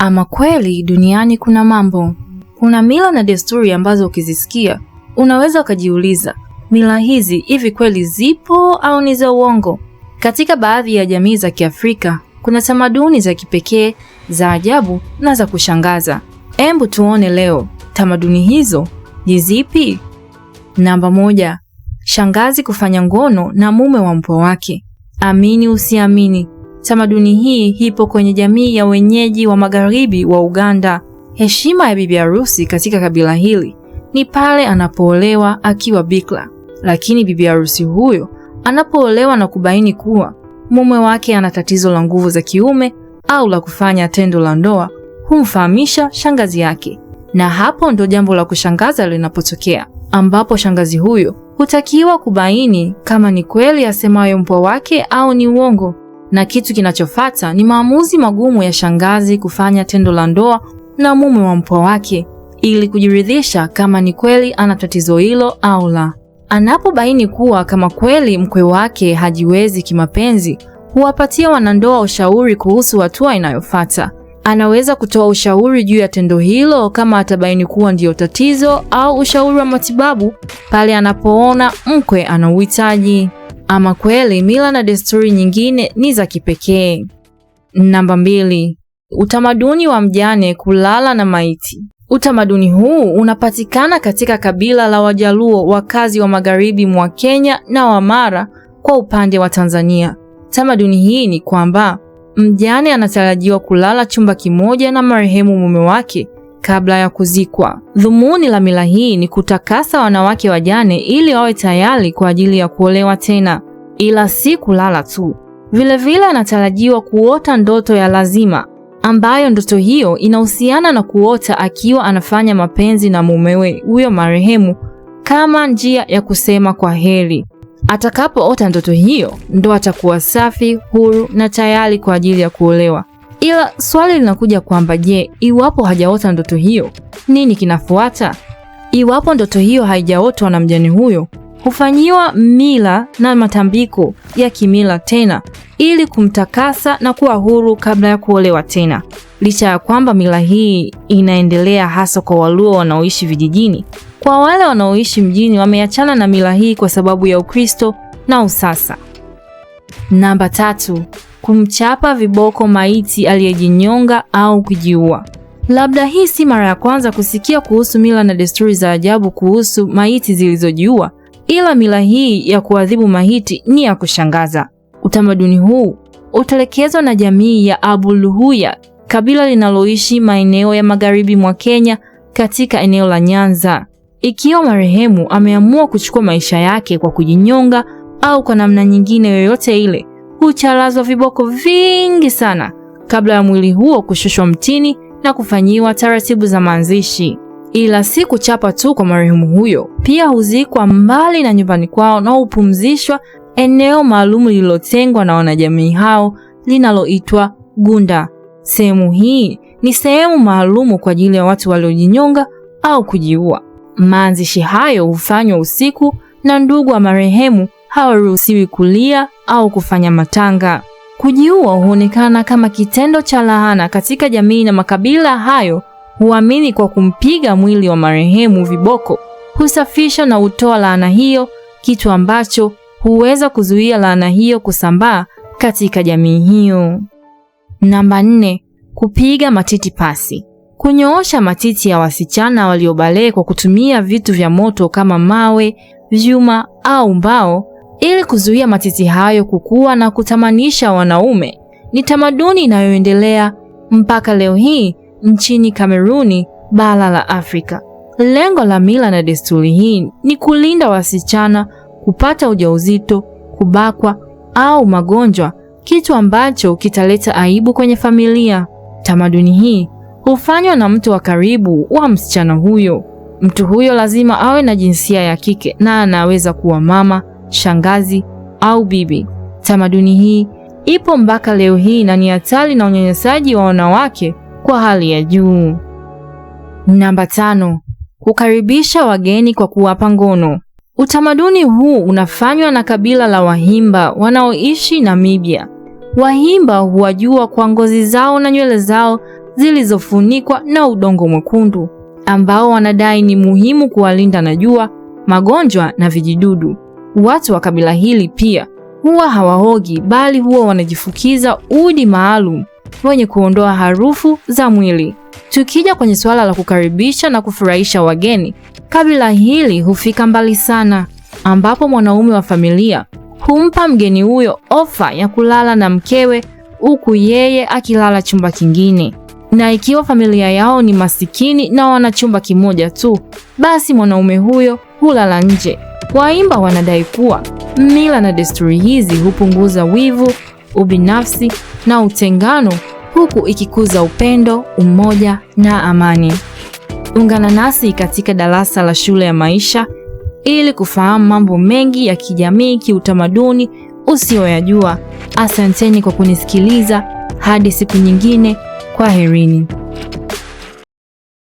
Ama kweli duniani kuna mambo, kuna mila na desturi ambazo ukizisikia unaweza ukajiuliza, mila hizi hivi kweli zipo au ni za uongo? Katika baadhi ya jamii za Kiafrika kuna tamaduni za kipekee, za ajabu na za kushangaza. Embu tuone leo tamaduni hizo ni zipi? Namba moja, shangazi kufanya ngono na mume wa mpwa wake. Amini usiamini, Tamaduni hii ipo kwenye jamii ya wenyeji wa magharibi wa Uganda. Heshima ya bibi harusi katika kabila hili ni pale anapoolewa akiwa bikla lakini bibi harusi huyo anapoolewa na kubaini kuwa mume wake ana tatizo la nguvu za kiume au la kufanya tendo la ndoa, humfahamisha shangazi yake, na hapo ndo jambo la kushangaza linapotokea, ambapo shangazi huyo hutakiwa kubaini kama ni kweli asemayo mpwa wake au ni uongo na kitu kinachofata ni maamuzi magumu ya shangazi kufanya tendo la ndoa na mume wa mpwa wake ili kujiridhisha kama ni kweli ana tatizo hilo au la. Anapobaini kuwa kama kweli mkwe wake hajiwezi kimapenzi, huwapatia wanandoa ushauri kuhusu hatua inayofata Anaweza kutoa ushauri juu ya tendo hilo kama atabaini kuwa ndiyo tatizo, au ushauri wa matibabu pale anapoona mkwe ana uhitaji. Ama kweli mila na desturi nyingine ni za kipekee. Namba mbili, utamaduni wa mjane kulala na maiti. Utamaduni huu unapatikana katika kabila la Wajaluo wakazi wa magharibi mwa Kenya na wa mara kwa upande wa Tanzania. Tamaduni hii ni kwamba mjane anatarajiwa kulala chumba kimoja na marehemu mume wake kabla ya kuzikwa. Dhumuni la mila hii ni kutakasa wanawake wajane ili wawe tayari kwa ajili ya kuolewa tena, ila si kulala tu. Vilevile anatarajiwa kuota ndoto ya lazima ambayo ndoto hiyo inahusiana na kuota akiwa anafanya mapenzi na mumewe huyo marehemu kama njia ya kusema kwa heri. Atakapoota ndoto hiyo, ndo atakuwa safi, huru na tayari kwa ajili ya kuolewa. Ila swali linakuja kwamba je, iwapo hajaota ndoto hiyo, nini kinafuata? Iwapo ndoto hiyo haijaotwa na mjane huyo, hufanyiwa mila na matambiko ya kimila tena ili kumtakasa na kuwa huru kabla ya kuolewa tena. Licha ya kwamba mila hii inaendelea hasa kwa Waluo wanaoishi vijijini, kwa wale wanaoishi mjini wameachana na mila hii kwa sababu ya Ukristo na usasa. Namba tatu, kumchapa viboko maiti aliyejinyonga au kujiua. Labda hii si mara ya kwanza kusikia kuhusu mila na desturi za ajabu kuhusu maiti zilizojiua, ila mila hii ya kuadhibu maiti ni ya kushangaza. Utamaduni huu utelekezwa na jamii ya Abuluhuya, kabila linaloishi maeneo ya magharibi mwa Kenya katika eneo la Nyanza. Ikiwa marehemu ameamua kuchukua maisha yake kwa kujinyonga au kwa namna nyingine yoyote ile, huchalazwa viboko vingi sana kabla ya mwili huo kushushwa mtini na kufanyiwa taratibu za maanzishi. Ila si kuchapa tu kwa marehemu huyo, pia huzikwa mbali na nyumbani kwao na hupumzishwa eneo maalum lililotengwa na wanajamii hao linaloitwa gunda. Sehemu hii ni sehemu maalumu kwa ajili ya watu waliojinyonga au kujiua. Maanzishi hayo hufanywa usiku na ndugu wa marehemu hawaruhusiwi kulia au kufanya matanga. Kujiua huonekana kama kitendo cha laana katika jamii, na makabila hayo huamini kwa kumpiga mwili wa marehemu viboko husafisha na hutoa laana hiyo, kitu ambacho huweza kuzuia laana hiyo kusambaa katika jamii hiyo. Namba nne, kupiga matiti pasi. Kunyoosha matiti ya wasichana waliobalee kwa kutumia vitu vya moto kama mawe, vyuma au mbao ili kuzuia matiti hayo kukua na kutamanisha wanaume, ni tamaduni inayoendelea mpaka leo hii nchini Kameruni, bara la Afrika. Lengo la mila na desturi hii ni kulinda wasichana kupata ujauzito, kubakwa au magonjwa, kitu ambacho kitaleta aibu kwenye familia. Tamaduni hii hufanywa na mtu wa karibu wa msichana huyo. Mtu huyo lazima awe na jinsia ya kike na anaweza kuwa mama shangazi au bibi. Tamaduni hii ipo mpaka leo hii na ni hatari na unyanyasaji wa wanawake kwa hali ya juu. Namba tano, kukaribisha wageni kwa kuwapa ngono. Utamaduni huu unafanywa na kabila la Wahimba wanaoishi Namibia. Wahimba huwajua kwa ngozi zao na nywele zao zilizofunikwa na udongo mwekundu ambao wanadai ni muhimu kuwalinda na jua, magonjwa na vijidudu. Watu wa kabila hili pia huwa hawaogi bali huwa wanajifukiza udi maalum wenye kuondoa harufu za mwili. Tukija kwenye suala la kukaribisha na kufurahisha wageni, kabila hili hufika mbali sana, ambapo mwanaume wa familia humpa mgeni huyo ofa ya kulala na mkewe, huku yeye akilala chumba kingine. Na ikiwa familia yao ni masikini na wana chumba kimoja tu, basi mwanaume huyo hulala nje Waimba wanadai kuwa mila na desturi hizi hupunguza wivu, ubinafsi na utengano, huku ikikuza upendo, umoja na amani. Ungana nasi katika darasa la Shule ya Maisha ili kufahamu mambo mengi ya kijamii, kiutamaduni usiyoyajua. Asanteni kwa kunisikiliza. Hadi siku nyingine, kwa herini